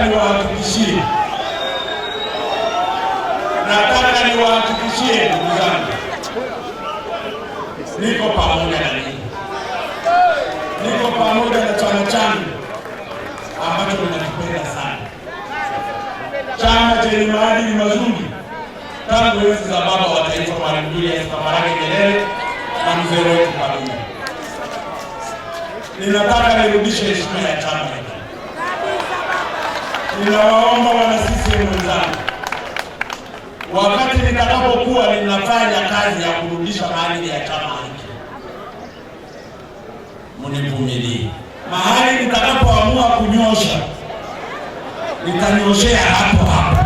nataka niwahakikishie, nataka niwahakikishie ndugu zangu, niko pamoja na ninyi, niko pamoja na chama changu ambacho ninakipenda sana, chama chenye maadili mazuri tangu enzi za baba wa taifa Mwalimu Julius Kambarage Nyerere na mzee wetu Karume. Ninataka nirudishe heshima ya chama hiki ninawaomba wana sisi wenzangu, wakati nitakapokuwa ninafanya kazi ya kurudisha mahali ya chama hiki, mnivumilie. Mahali nitakapoamua kunyosha, nitanyoshea hapo hapo.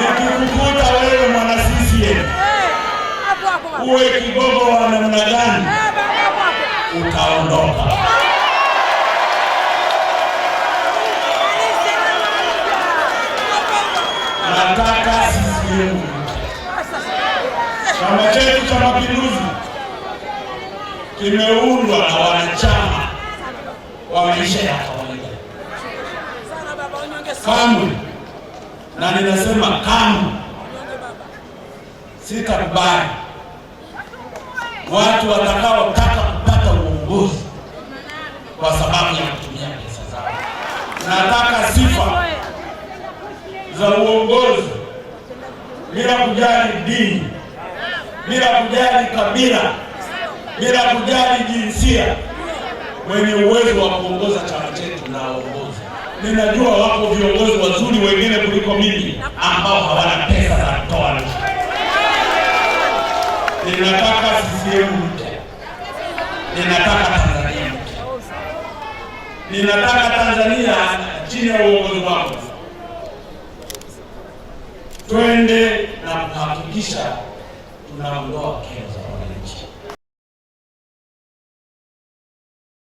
Nikikukuta wewe mwana CCM uwe kigogo wa namna gani utaondoka. Nataka sisikieni, chama chetu cha Mapinduzi kimeundwa na wanachama wa maisha ya kawaida kamwe, na ninasema kamwe sitakubali watu watakao kwa sababu ya kutumia pesa zao. Nataka sifa za uongozi bila kujali dini, bila kujali kabila, bila kujali jinsia, wenye uwezo wa kuongoza chama chetu uongozi, Ninajua wako viongozi wazuri wengine kuliko mimi ambao hawana pesa za kutoa. Ninataka CCM mpya, ninataka ninataka Tanzania chini ya uongozi wako twende na kuhakikisha tunaondoa kero